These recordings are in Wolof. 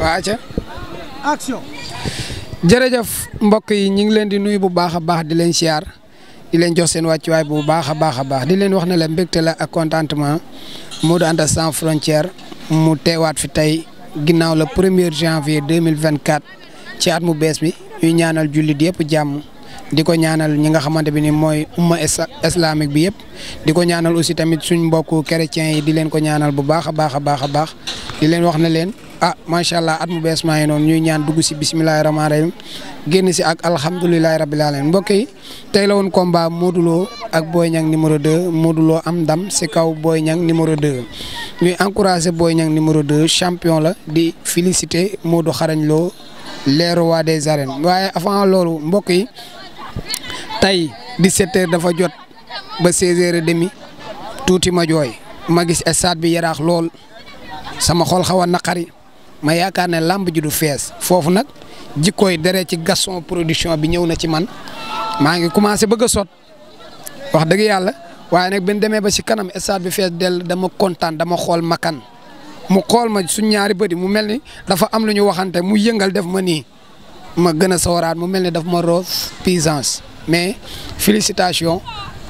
waa ca jërëjëf mbokk yi ñu ngi leen di nuyu bu baax a baax di leen siyaar di leen jox seen wàccuwaay bu baax a baax a baax di leen wax ne la mbégte la ak contentement Modou Anta sans frontière mu teewaat fi tey ginnaaw le premier janvier deux mille vingt quatre ci at mu bees bi ñuy ñaanal jullit yëpp jàmm. di ko ñaanal ñi nga xamante bi nii mooy umma islamique bi yëpp di ko ñaanal aussi tamit suñ mbokku chrétiens yi di leen ko ñaanal bu baax a baax a baax a baax di leen wax na leen ah macha allah at mu bees maa ngi noonu ñuy ñaan dugg si bisimilah rahmaani rahim génn si ak alhamdulilah rabil alamin mbokk yi tey la woon komba Modou ak Boy Niang numéro 2 Modou am ndam si kaw booy Niang numéro 2. ñuy encouragé booy Niang numéro deux champion la di félicité Modou xarañ loo le roi des arènes waaye yi. tey 17h dafa jot ba 16h30 tuuti ma jooy ma gis stade bi yaraax lool sama xool xaw naqari ma yaakaar ne làmb ji du fees foofu nag jikkooy dere ci Gaston Production bi ñëw na ci man maa ngi commencé bëgg a sot wax dëgg yàlla waaye nag bi demee ba ci kanam stade bi fees dell dama kontaan dama xool makan mu xool ma su ñaari bëri mu mel ni dafa am lu ñu waxante mu yëngal def ma nii ma gën a sawaraat mu mel ni dafa ma roof puissance mais félicitations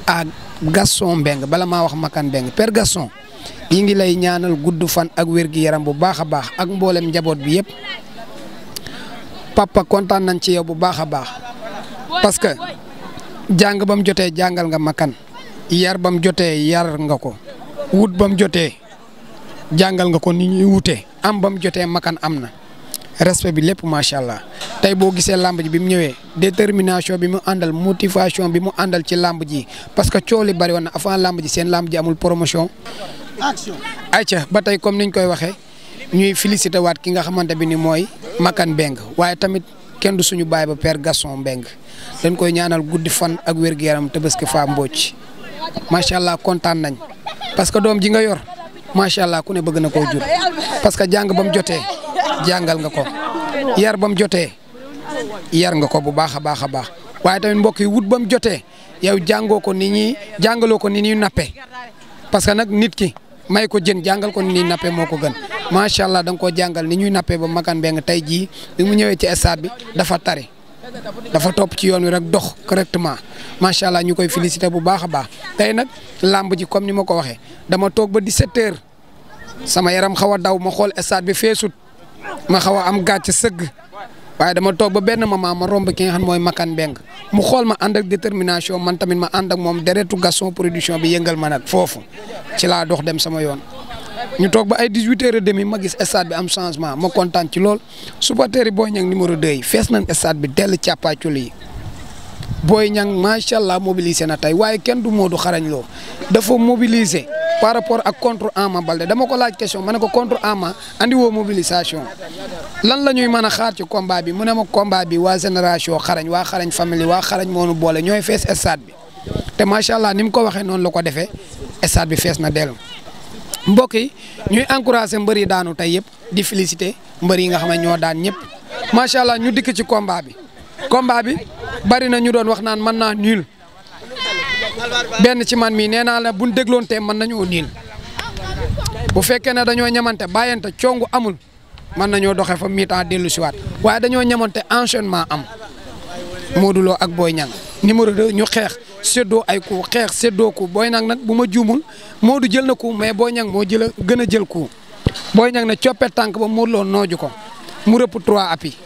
à Gaston mbeng bala maa wax Makan Mbengue père Gaston yi ngi lay ñaanal gudd fan ak wér gi yaram bu baax a baax ak mboolem njaboot bi yëpp papa kontaan nañ ci yow bu baax a baax parce que jàng ba mu jotee jàngal nga Makan yar ba mu jotee yar nga ko wut ba mu jotee jàngal nga ko ni ñuy wute am ba mu jotee Makan am na. respect bi lépp macha allah tey boo gisee làmb ji bi mu ñëwee détermination bi mu àndal motivation bi mu àndal ci làmb ji parce que coow li bari woon na avant làmb ji seen làmb ji amul promotion. action ayca ba tey comme niñ koy waxee ñuy félicité waat ki nga xamante bi ni mooy Makan Beng waaye tamit kenn du suñu baay ba père Gaston Beng dañ koy ñaanal guddi fan ak wér-gu-yaram Tabaski Fa Mbocc macha allah kontaan nañ parce que doom ji nga yor macha allah ku ne bëgg na koo jur parce que jàng ba mu jotee. jàngal nga ko yar ba mu jotee yar nga ko bu baax a baax a baax waaye tamit mbokk yi wut ba mu jotee yow jàngoo ko ni ñuy jàngaloo ko ni ñuy nappe parce que nag nit ki may ko jën jàngal ko nii nappee moo ko gën macha allah da nga koo jàngal ni ñuy nappee ba makan beng tey jii bi mu ñëwee ci stade bi dafa tari dafa topp ci yoon wi rek dox correctement macha allah ñu koy félicité bu baax a baax tey nag làmb ji comme ni ma ko waxee dama toog ba 17 heures sama yaram xawa a daw ma ma xaw a am gàcc sëgg waaye dama toog ba benn ma moment ma romb ki nga xam mooy Makan Mbeng mu xool ma ànd ak détermination man tamit ma ànd ak moom deretu Gaston Production bi yëngal ma nag foofu ci laa dox dem sama yoon. ñu toog ba ay dix huit heures demi ma gis stade bi am changement ma kontaan ci lool supporters yi Boy Niang numéro 2 yi fees nañ stade bi dell càppaacul yi. booy ñan macha allah mobilisé na tey waaye kenn du Modou xarañ loo dafa mobilisé par rapport ak contre Ama Baldé dama ko laaj question ma ne ko contre Ama andi woo mobilisation lan la ñuy mën a xaar ci combat bi mu ne ma combat bi waa génération xarañ waa xarañ famille waa xarañ moo nu boole ñooy fees stade bi te macha allah ni mu ko waxee noonu la ko defee stade bi fees na dellu mbokk yi ñuy encouragé mbër yi daanu tey yëpp di félicité mbër yi nga xam ne ñoo daan ñëpp macha allah ñu dikk ci combat bi combat bi. bari na ñu doon wax naan mën naa nul benn ci man mii nee naa la buñ dégloon te mën nañoo niil bu fekkee ne dañoo ñamante bàyyante congu amul mën nañoo doxe fa mi-temps dellu si waat waaye dañoo ñamante enchaînement am mooduloo ak Boy Niang numéro 2 ñu xeex seddoo ay coup xeex séddoo coup Boy Niang nag bu ma juumul moodu jël na coup mais Boy Niang moo jël gën a jël coup Boy Niang ne coppe tànk ba Modou nooju ko mu rëpp trois appuis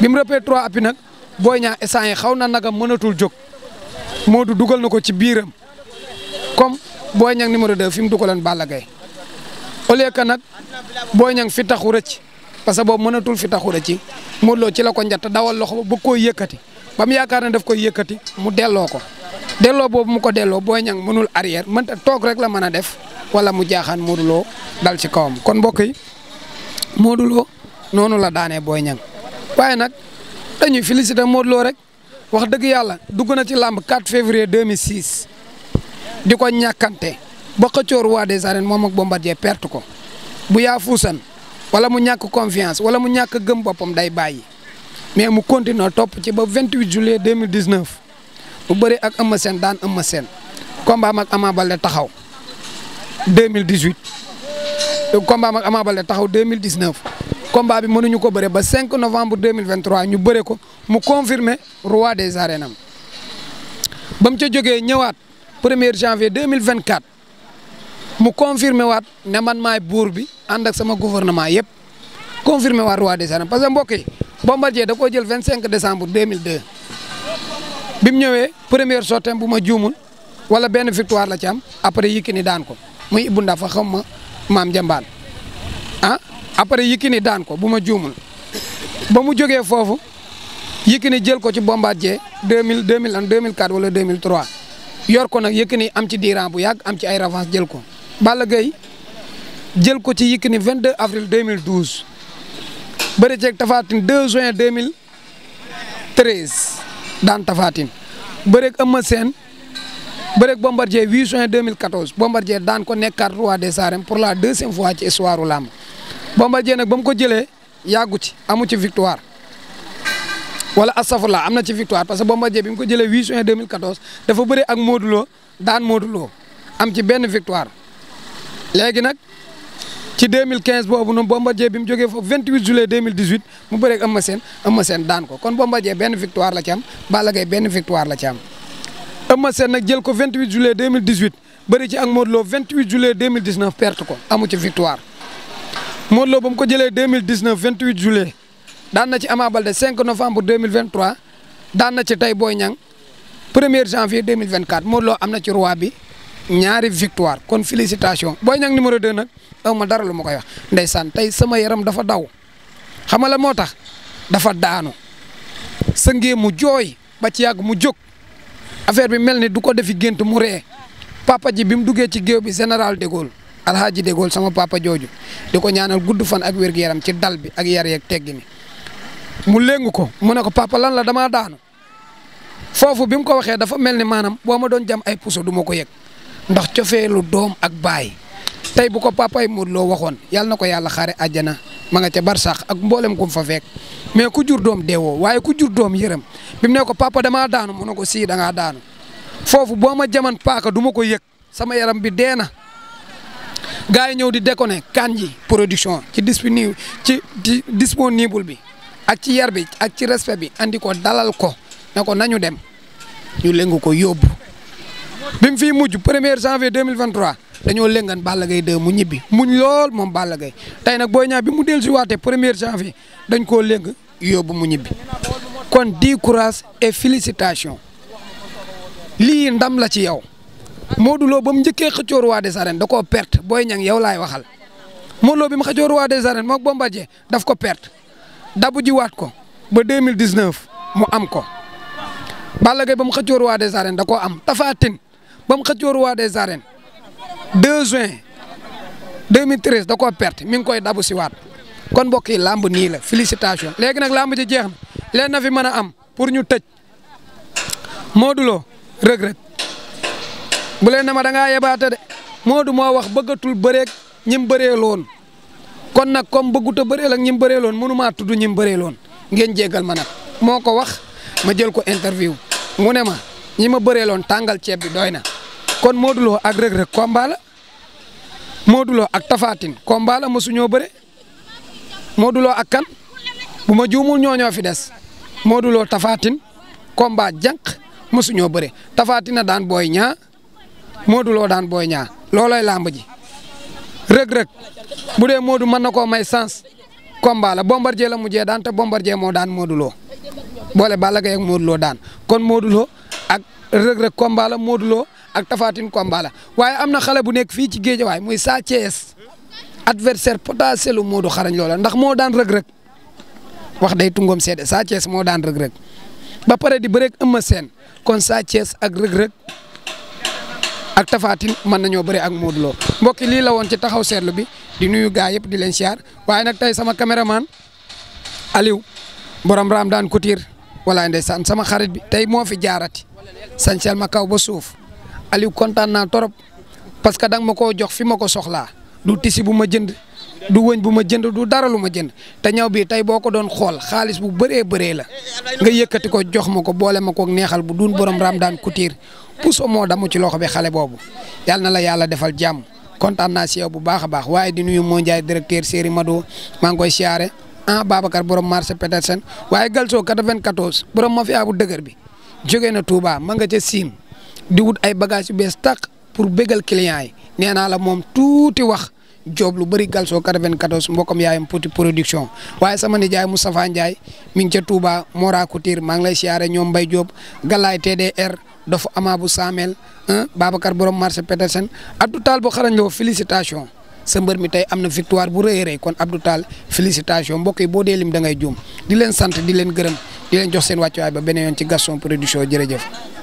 bi mu rëppee trois appuis nag Boy Niang instant yi xaw na nagam mënatul jóg Modou dugal na ko ci biiram comme Boy Niang numéro 2 fi mu dugaloon Balla Gaye au lieu nag booy Niang fi taxu ci parce que boobu mënatul fi taxu ci Modou Lo ci la ko njatt dawal loxo ba koy yëkkati ba mu yaakaar ne daf koy yëkkati mu delloo ko delloo boobu mu ko delloo booy Niang mënul arrière mënta toog rek la mën a def wala mu jaaxaan Modou dal ci kawam kon mbokk yi Modou noonu la daanee booy Niang waaye dañuy féliciter Modou Lo rek wax dëgg yàlla dugg na ci làmb 4 février 2006 di ko ñàkkante ba xëccoo roi des arènes moom ak Bombardier perte ko bu yaa fuusan wala mu ñàkk confiance wala mu ñàkk gëm boppam day bàyyi mais mu continuer topp ci ba 28 juillet 2019 mu bëri ak Eumeu Sène daan Eumeu Sène combat am ak Ama Baldé taxaw 2018 combat am ak Ama Baldé taxaw 2019. combat bi mënuñu ko bëre ba 5 novembre 2023 ñu bëre ko mu confirmer roi des arènes ba mu ca jógee ñëwaat 1er janvier 2024 mu confirmer waat ne man maay buur bi ànd ak sama gouvernement yëpp confirmer waat roi des arènes parce que mbokk yi Bombardier da koo jël 25 décembre 2002 bi mu ñëwee première sortie bu ma juumul wala benn victoire la ci am après Yékini daan ko muy bundaa Ndafa xam ma maam Jambaan après Yékini daan ko bu ma juumul ba mu jógee foofu Yékini jël ko ci Bombardier deux mille mille an deux mille quatre wala deux mille yor ko nag Yékini am ci diiran bu yàgg am ci ay revanche jël ko. Balla Gaye jël ko ci Yékini 22 avril 2012 bëri ceeg Tapha Tine 2 juin 2013 daan Tapha Tine bëreeg Eumeu Sène bëreeg Bombardier 8 juin 2014 Bombardier daan ko nekkaat roi de arènes pour la deuxième fois ci histoire lamb jee nag ba mu ko jëlee yàggu ci amu ci victoire wala astafurla am na ci victoire parce que Bombardier bi mu ko jëlee 8 juin 2014 dafa bëre ak Modou Lo daan Modou am ci benn victoire léegi nag ci 2015 boobu noonu Bombardier bi mu jógee foofu 28 juillet 2018 mu bëreeg Eumeu Sène Eumeu Sène daan ko kon Bombardier benn victoire la ci am Balla Gaye benn victoire la ci am Eumeu Sène nag jël ko 28 juillet 2018 bëri ci ak Modou Lo perte ko Modou Lo ba mu ko jëlee deux mille dix neuf vingt huit juillet daan na ci Ama Baldé cinq novembre deux mille vingt trois daan na ci tey Boy ñan premier janvier deux mille vingt quatre Modou Lo am na ci roi bi ñaari victoire kon félicitation Boy Niang numéro deux nag aw ma dara lu ma koy wax ndeysaan tey sama yaram dafa daw xam nga la moo tax dafa daanu sëngee mu jooy ba ci yàgg mu jóg affaire bi mel ni du ko defi gént mu ree papa ji bi mu duggee ci géew bi général de alxaaji dégool sama papa jooju di ko ñaanal gudd fan ak wér yaram ci dal bi ak yar yeeg teggi ni mu léngu ko mu ne ko papa lan la damaa daanu foofu bi mu ko waxee dafa mel ni maanaam boo ma doon jam ay puso du ko yëg ndax cofeelu doom ak baay tey bu ko papa yi Modou Lo waxoon yàlla na ko yàlla xaare àjjana ma nga ca barsax ak mboolem kum fa fekk mais ku jur doom deewoo waaye ku jur doom yërëm bi mu ne ko papa damaa daanu mu ne ko sii da daanu foofu boo ma jaman paaka duma ko yëg sama yaram bi dee na gars yi ñëw di déconné Kandji production ci disponible ci disponible bi ak ci yar bi ak ci respect bi andi ko dalal ko ne nañu dem ñu lëngu ko yóbbu bi fii fiy mujj 1er janvier 2023 dañoo lëngan Balla Gaye 2 mu ñibbi muñ lool moom Balla Gaye tey nag Boy Niang bi mu dellu si waatee 1 janvier dañ koo lëng yóbbu mu ñibbi kon di courage et félicitations lii ndam la ci yow. Modou Lo ba mu njëkkee xëccoo waa des arènes da koo perte booy Niang yow laay waxal Modou Lo bi mu xëccoo roi des arènes moog Bombardier daf ko perte dabu jiwaat ko ba deux mille 2019 mu am ko. Balla Gaye ba mu xëccoo waa des arènes da koo am Tapha Tine ba mu xëccoo roi des arènes 2 juin 2013 da koo perte mi ngi koy dabu waat kon mbokk yi làmb nii la félicitation léegi nag làmb ji jeex na leen na fi mën a am pour ñu tëj Modou Lo Reug bu leen ne ma da ngaa yebaate de Modou moo wax bëggatul bëreeg ñim bëree loon kon nag comme bëggut a bëreel ak ñim bëree loon mënumaa tudd ñim bëree loon ngeen jéggal ma nag moo ko wax ma jël ko interview mu ma ñi ma bëree loon tàngal ceeb bi doy na kon Modou Lo ak Reug Reug combat la Modou ak tafaatin Tine combat la mosuñoo bëre Modou ak kan bu ma juumul ñooñoo fi des Modou Lo Tapha Tine combat jànq mosuñoo bëre Tapha Tine daan booy ñaa Modou daan Boy Niang loolooy làmb ji rëg-rëg bu dee Modou mën na koo may sens combat la Bombardier la mujjee daan te Bombardier moo daan Modou boole bala Gaye ak Modou daan kon mooduloo ak rëg-rëg combat la ak Tapha Tine waaye am na xale bu nekk fii ci géejawaay muy Sa Thiès adversaire potentiel lu Modou xarañ ndax moo daan rëg-rëg wax day tungoom seede Sa Thiès moo daan rëg-rëg ba pare di bëreeg Eumeu seen kon Sa Thiès ak rëg-rëg ak tafaatin mën nañoo bëri ak Modou Lo mbokki lii la woon ci taxaw seetlu bi di nuyu gaa yëpp di leen siyaar waaye nag tey sama caméraman Aliou borom raam daan Couture walaay ndeysaan sama xarit bi tey moo fi jaarati sañsel ma kaw ba suuf Aliou kontaan naa torop parce que danga ma ko jox fi ma ko soxlaa du tisi bu ma jënd. du wëñ bu ma jënd du dara lu ma jënd te ñaw bii tey boo ko doon xool xaalis bu bëree bëree la nga yëkkati ko jox ma ko boole ma ko neexal bu duun borom Ramdan Couture pousse moo damu ci loxo bi xale boobu yàlla na la yàlla defal jàmm kontaan naa bu baax a baax waaye di nuyu moo njaay directeur Serigne Mado maa ngi koy siyaare ah Babacar borom marché Petersen waaye Galso 94 borom mafia bu dëgër bi jóge na Touba ma nga ca Sine di wut ay bagages yu bees tàq pour bégal client yi nee naa la moom tuuti wax. joob lu bëri Galso 94 mbokkam yaayam Petit production waaye sama nijaay Moustapha Ndiaye mi ngi ca Touba Mora Couture maa ngi lay siyaare ñoom Mbaye Diop Galaye TDR dofu Ama bu Samel Babacar borom marché Petersen Abdou Tall bu xarañ loo félicitation sa mbër mi tey am na victoire bu rëy a rëy kon Abdou Tall félicitation mbokk yi boo dee lim da juum di leen sant di leen gërëm di leen jox seen wàccuwaay ba beneen yoon ci Gaston production jërëjëf.